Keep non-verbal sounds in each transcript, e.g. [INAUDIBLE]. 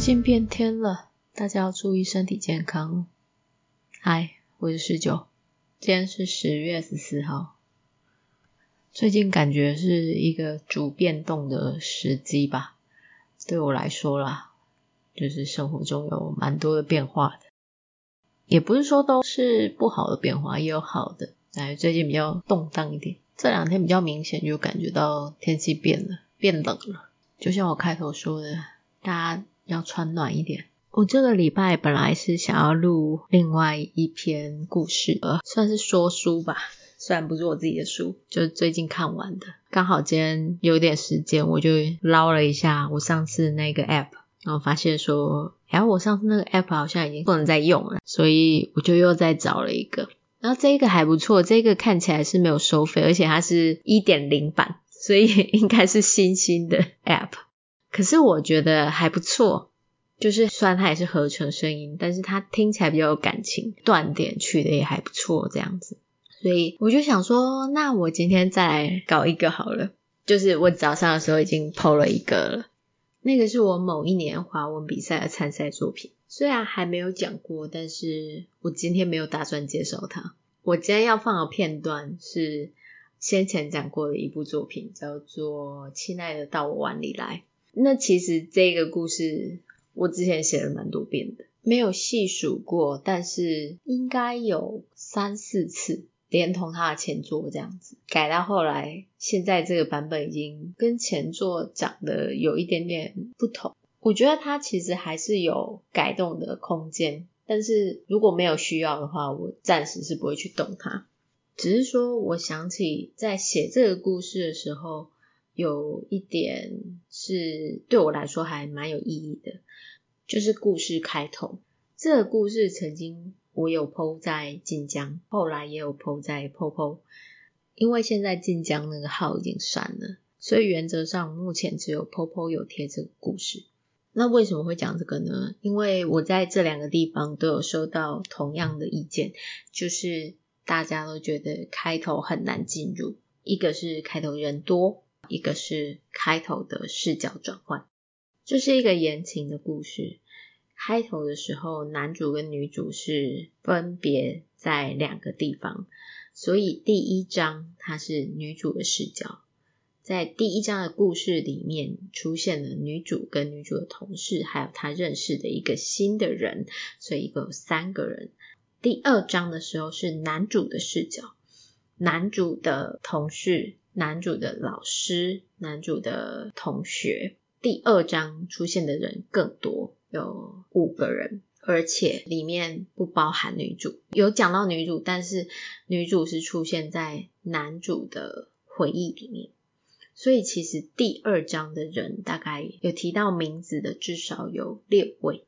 最近變天了，大家要注意身體健康喔。嗨，我是十九，今天是十月十四號。最近感覺是一個主變動的時機吧，對我來說啦，就是生活中有蠻多的變化的，也不是說都是不好的變化，也有好的。但最近比較動盪一點，這兩天比較明顯就感覺到天氣變了，變冷了。就像我開頭說的，大家。要穿暖一點。我、oh, 這個禮拜本來是想要錄另外一篇故事，呃，算是說書吧，雖然不是我自己的書，就最近看完的。剛好今天有點時間，我就撈了一下我上次那個 app，然後發現說，哎，我上次那個 app 好像已經不能再用了，所以我就又再找了一個。然後這個還不錯，這個看起來是沒有收費，而且它是一點零版，所以應該是新興的 app。可是我覺得還不錯，就是雖然它也是合成聲音，但是它聽起來比較有感情，斷點去的也還不錯，這樣子。所以我就想說，那我今天再來搞一個好了。就是我早上的時候已經 po 了一個了，那個是我某一年華文比賽的參賽作品，雖然還沒有講過，但是我今天沒有打算接受它。我今天要放的片段是先前講過的一部作品，叫做《親愛的，到我碗裡來》。那其實這個故事我之前寫了蠻多遍的，沒有細數過，但是應該有三四次，連同它的前作這樣子。改到後來，現在這個版本已經跟前作講的有一點點不同。我覺得它其實還是有改動的空間，但是如果沒有需要的話，我暫時是不會去動它。只是說我想起在寫這個故事的時候。有一點是對我來說還蠻有意義的，就是故事開頭。這個故事曾經我有 PO 在晉江，後來也有 PO 在 POPO。因為現在晉江那個號已經刪了，所以原則上目前只有 POPO 有貼這個故事。那為什麼會講這個呢？因為我在這兩個地方都有收到同樣的意見，就是大家都覺得開頭很難進入，一個是開頭人多。一個是開頭的視角轉換，這、就是一個言情的故事。開頭的時候，男主跟女主是分別在兩個地方，所以第一章它是女主的視角。在第一章的故事裡面，出現了女主跟女主的同事，還有她認識的一個新的人，所以一共有三個人。第二章的時候是男主的視角，男主的同事。男主的老師、男主的同學，第二章出現的人更多，有五個人，而且裡面不包含女主。有講到女主，但是女主是出現在男主的回憶裡面，所以其實第二章的人大概有提到名字的至少有六位。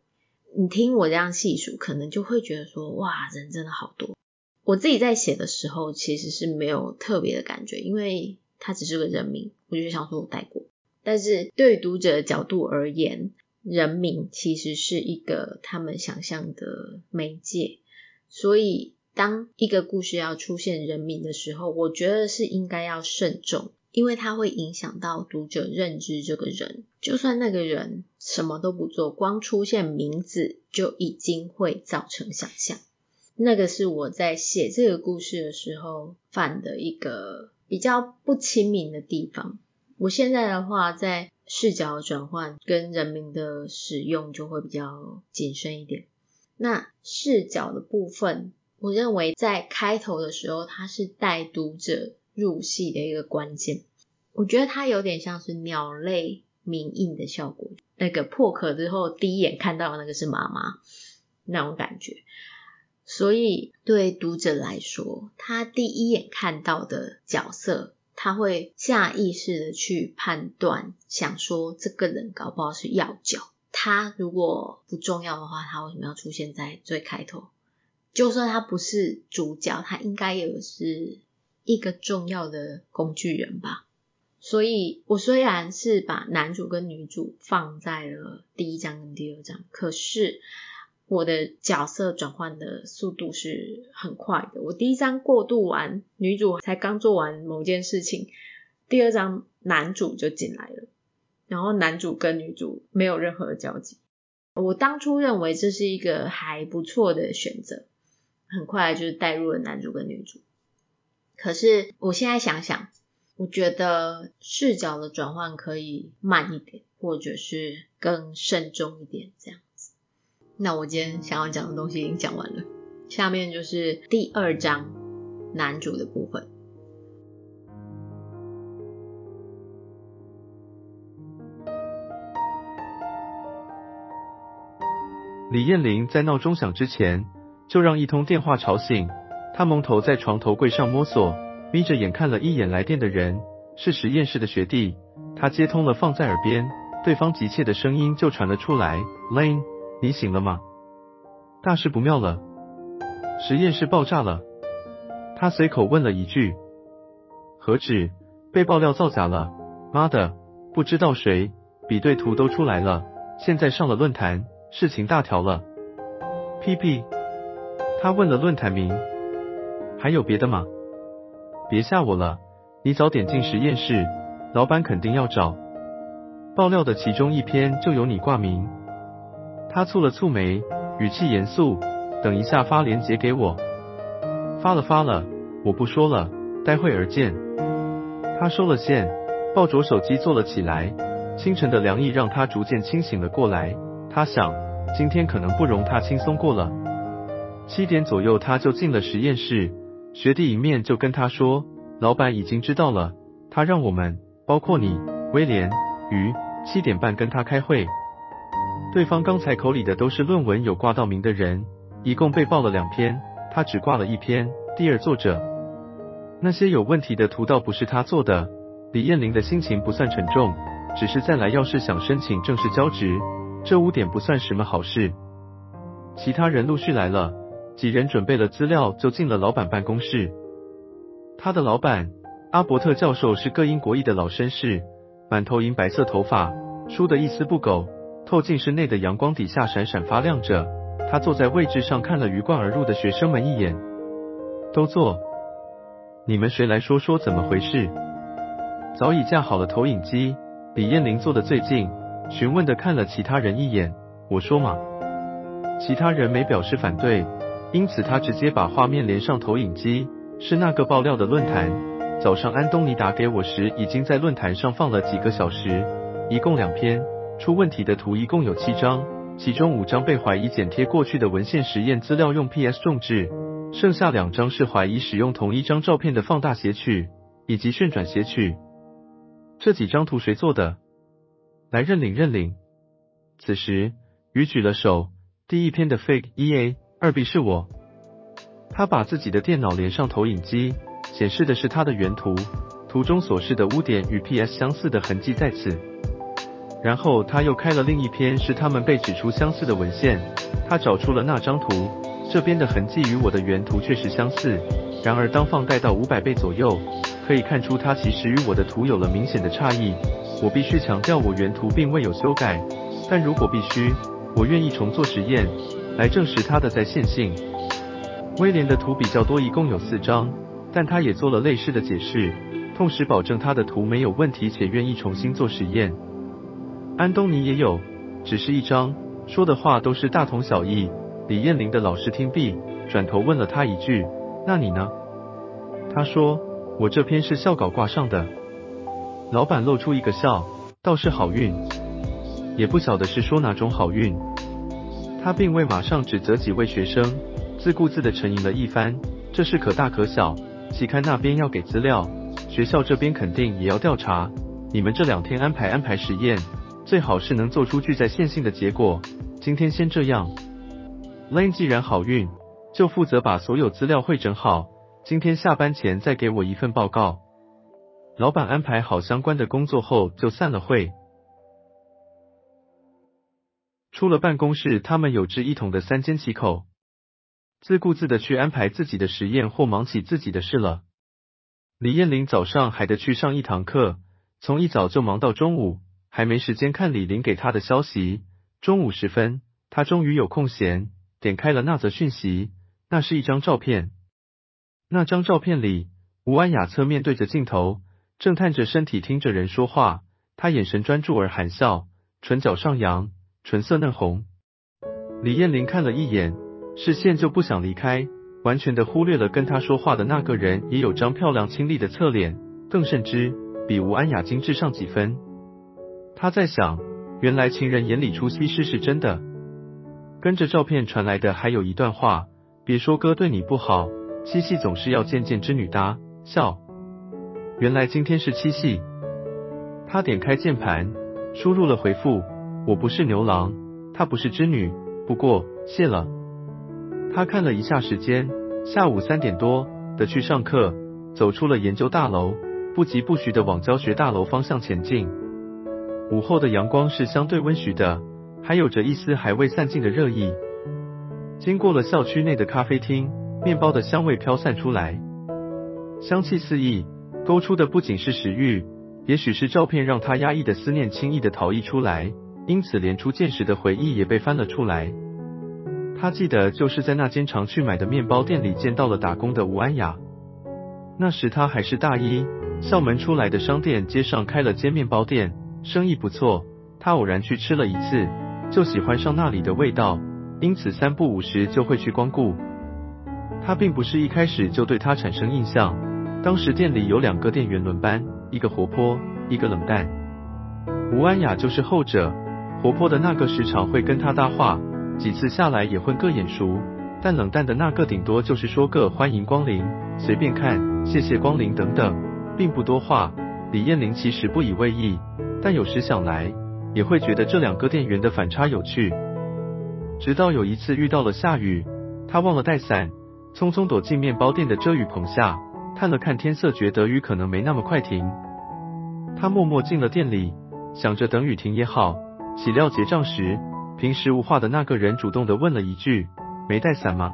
你聽我這樣細數，可能就會覺得說，哇，人真的好多。我自己在寫的時候，其實是沒有特別的感覺，因為他只是個人名，我就想說我帶過。但是對讀者的角度而言，人名其實是一個他們想象的媒介，所以當一個故事要出現人名的時候，我覺得是應該要慎重，因為它會影響到讀者認知這個人。就算那個人什麼都不做，光出現名字就已經會造成想象。那個是我在寫這個故事的時候犯的一個比較不親民的地方。我現在的話，在視角轉換跟人名的使用就會比較謹慎一點。那視角的部分，我認為在開頭的時候，它是帶讀者入戲的一個關鍵。我覺得它有點像是鳥類銘印的效果，那個破殼之後第一眼看到的那個是媽媽那種感覺。所以對讀者來說，他第一眼看到的角色，他會下意識的去判斷，想說這個人搞不好是要角。他如果不重要的話，他為什麼要出現在最開頭？就算他不是主角，他應該也是一個重要的工具人吧。所以我雖然是把男主跟女主放在了第一章跟第二章，可是。我的角色轉換的速度是很快的。我第一章過渡完，女主才剛做完某件事情，第二章男主就進來了，然後男主跟女主沒有任何交集。我當初認為這是一個還不錯的選擇，很快就是帶入了男主跟女主。可是我現在想想，我覺得視角的轉換可以慢一點，或者是更慎重一點，這樣。那我今天想要講的東西已經講完了，下面就是第二章男主的部分。李彥霖在鬧鐘響之前就讓一通電話吵醒他，蒙頭在床頭櫃上摸索，眯着眼看了一眼來電的人，是實驗室的學弟，他接通了，放在耳邊，對方急切的聲音就傳了出來，Lane。Lane 你醒了嗎？大事不妙了，實驗室爆炸了。他隨口問了一句。何止，被爆料造假了，媽的，不知道誰，比對圖都出來了，現在上了論壇，事情大條了。屁屁，他問了論壇名，還有別的嗎？別嚇我了，你早點進實驗室，老闆肯定要找，爆料的其中一篇就有你掛名。他蹙了蹙眉，語氣嚴肅：“等一下發鏈接給我。”“發了，發了。”“我不說了，待會兒見。”他收了線，抱着手機坐了起來。清晨的涼意讓他逐漸清醒了過來。他想，今天可能不容他輕鬆過了。七點左右他就進了實驗室，學弟迎面就跟他說：“老闆已經知道了，他讓我們，包括你，威廉，於，七點半跟他開會。”對方剛才口裡的都是論文有掛到名的人，一共被報了兩篇，他只掛了一篇，第二作者。那些有問題的圖倒不是他做的。李彥霖的心情不算沉重，只是再來要是想申請正式教職，這污點不算什麼好事。其他人陸續來了，幾人準備了資料就進了老板辦公室。他的老板阿伯特教授是個英國裔的老紳士，滿頭銀白色頭髮，梳得一絲不苟。透進室內的陽光底下閃閃發亮着，他坐在位置上看了魚貫而入的學生們一眼，都坐，你們誰來說說怎麼回事？早已架好了投影機，李彥霖坐的最近，詢問的看了其他人一眼，我說嘛，其他人沒表示反對，因此他直接把畫面連上投影機，是那個爆料的論壇，早上安東尼打給我時已經在論壇上放了幾個小時，一共兩篇。出問題的圖一共有七張，其中五張被懷疑剪貼過去的文獻實驗資料用 PS 重製，剩下兩張是懷疑使用同一張照片的放大截取以及旋轉截取。這幾張圖誰做的？來認領認領。此時，雨舉了手，第一篇的 Fig 1a、2b 是我。他把自己的電腦連上投影機，顯示的是他的原圖，圖中所示的污點與 PS 相似的痕跡在此。然後他又開了另一篇，是他們被指出相似的文獻。他找出了那張圖，這邊的痕跡與我的原圖確實相似。然而當放大到五百倍左右，可以看出它其實與我的圖有了明顯的差異。我必須強調我原圖並未有修改，但如果必須，我願意重做實驗來證實它的在線性。威廉的圖比較多，一共有四張，但他也做了類似的解釋，同時保證他的圖沒有問題，且願意重新做實驗。安東尼也有，只是一張，說的話都是大同小異。李彥霖的老師聽畢，轉頭問了他一句：“那你呢？”他說：“我這篇是校稿掛上的。”老闆露出一個笑，倒是好運。也不曉得是說哪種好運。他並未馬上指責幾位學生，自顧自地沉吟了一番。這事可大可小，期刊那邊要給資料，學校這邊肯定也要調查。你們這兩天安排安排實驗。最好是能做出具在線性的結果。今天先這樣。Lane 既然好運，就負責把所有資料彙整好。今天下班前再給我一份報告。老板安排好相關的工作後，就散了會。出了辦公室，他們有志一同的三緘其口，自顧自的去安排自己的實驗或忙起自己的事了。李彥霖早上還得去上一堂課，從一早就忙到中午。還沒時間看李林給他的消息，中午時分，他終於有空閒，點開了那則訊息。那是一張照片，那張照片裡，吳安雅側面對着鏡頭，正探着身體聽着人說話，她眼神專注而含笑，唇角上揚，唇色嫩紅。李彥霖看了一眼，視線就不想離開，完全的忽略了跟他說話的那個人也有張漂亮清麗的側臉，更甚之，比吳安雅精緻上幾分。他在想，原來情人眼裡出西施是真的。跟着照片傳來的還有一段話，別說哥對你不好，七夕總是要見見織女噠。笑，原來今天是七夕。他點開鍵盤，輸入了回復：我不是牛郎，他不是織女，不過謝了。他看了一下時間，下午三點多得去上課，走出了研究大樓，不疾不徐的往教學大樓方向前進。午後的陽光是相對溫煦的，還有着一絲還未散盡的熱意。經過了校區內的咖啡廳，麵包的香味飄散出來，香氣四溢，勾出的不僅是食慾，也許是照片讓他壓抑的思念輕易的逃逸出來，因此連初見時的回憶也被翻了出來。他記得就是在那間常去買的麵包店裡見到了打工的吳安雅，那時他還是大一，校門出來的商店街上開了間麵包店。生意不錯，他偶然去吃了一次，就喜歡上那裡的味道，因此三不五時就會去光顧。他並不是一開始就對他產生印象，當時店裡有兩個店員輪班，一個活潑，一個冷淡。吳安雅就是後者，活潑的那個時常會跟他搭話，幾次下來也混個眼熟。但冷淡的那個頂多就是說個歡迎光臨、隨便看、謝謝光臨等等，並不多話。李彥霖其實不以為意。但有時想來，也會覺得這兩個店員的反差有趣。直到有一次遇到了下雨，他忘了帶傘，匆匆躲進麵包店的遮雨棚下，看了看天色，覺得雨可能沒那麼快停。他默默進了店裡，想着等雨停也好。豈料結賬時，平時無話的那個人主動的問了一句：“沒帶傘嗎？”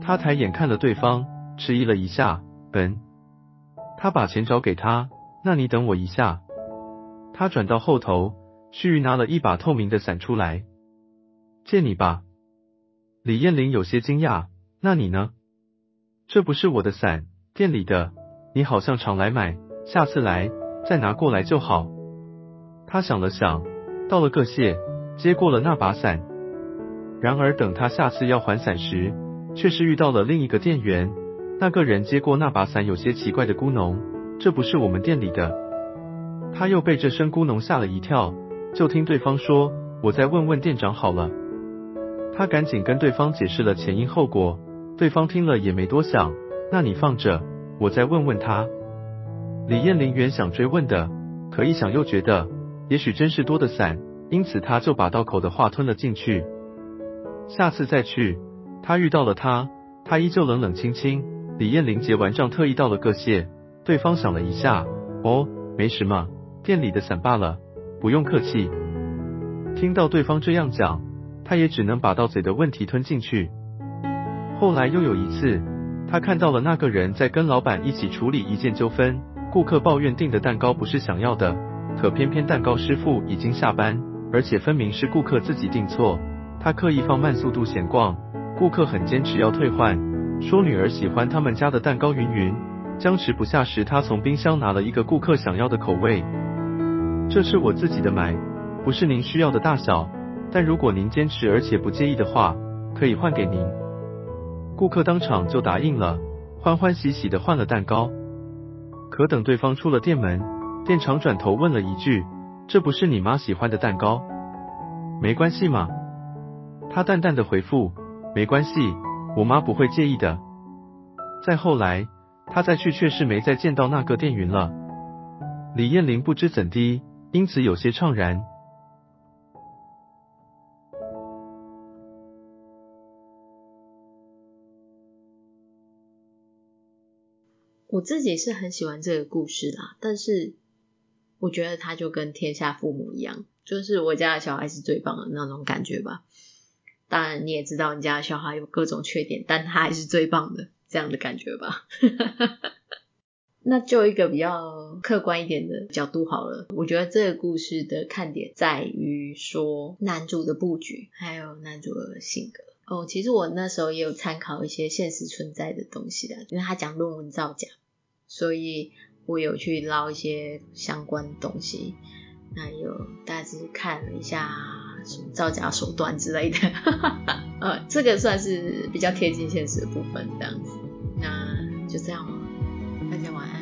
他抬眼看了對方，遲疑了一下，嗯。他把錢找給他，那你等我一下。他轉到後頭，須臾拿了一把透明的傘出來，借你吧。李彥霖有些驚訝，那你呢？這不是我的傘，店裡的。你好像常來買，下次來再拿過來就好。他想了想，道了個謝，接過了那把傘。然而等他下次要還傘時，卻是遇到了另一個店員。那個人接過那把傘，有些奇怪的咕噥：“這不是我們店裡的。”他又被這聲咕噥嚇了一跳，就聽對方說：“我再問問店長好了。”他趕緊跟對方解釋了前因後果，對方聽了也沒多想，那你放着，我再問問他。李彥霖原想追問的，可一想又覺得也許真是多的傘，因此他就把到口的話吞了進去。下次再去，他遇到了他，他依舊冷冷清清。李彥霖結完賬特意道了個謝，對方想了一下，哦，沒什麼。店裡的傘罷了，不用客氣。聽到對方這樣講，他也只能把到嘴的問題吞進去。後來又有一次，他看到了那個人在跟老闆一起處理一件糾紛，顧客抱怨訂的蛋糕不是想要的，可偏偏蛋糕師傅已經下班，而且分明是顧客自己訂錯。他刻意放慢速度閒逛，顧客很堅持要退換，說女兒喜歡他們家的蛋糕云云。僵持不下時，他從冰箱拿了一個顧客想要的口味。這是我自己的買，不是您需要的大小。但如果您堅持而且不介意的話，可以換給您。顧客當場就答應了，歡歡喜喜的換了蛋糕。可等對方出了店門，店長轉頭問了一句：“這不是你媽喜歡的蛋糕？沒關係嗎？”他淡淡的回復：“沒關係，我媽不會介意的。”再後來，他再去卻是沒再見到那個店員了。李彥霖不知怎的。因此有些悵然。我自己是很喜歡這個故事啦，但是我覺得他就跟天下父母一樣，就是我家的小孩是最棒的那種感覺吧。當然你也知道，你家的小孩有各種缺點，但他還是最棒的，這樣的感覺吧。 [LAUGHS] 那就一個比較客觀一點的角度好了。我覺得這個故事的看點在於說男主的布局，還有男主的性格。哦，其實我那時候也有參考一些現實存在的東西的，因為他講論文造假，所以我有去撈一些相關的東西，那有大致看了一下什麼造假手段之類的。呃， [LAUGHS] 哦，這個算是比較貼近現實的部分，這樣子。那就這樣。大家晚安。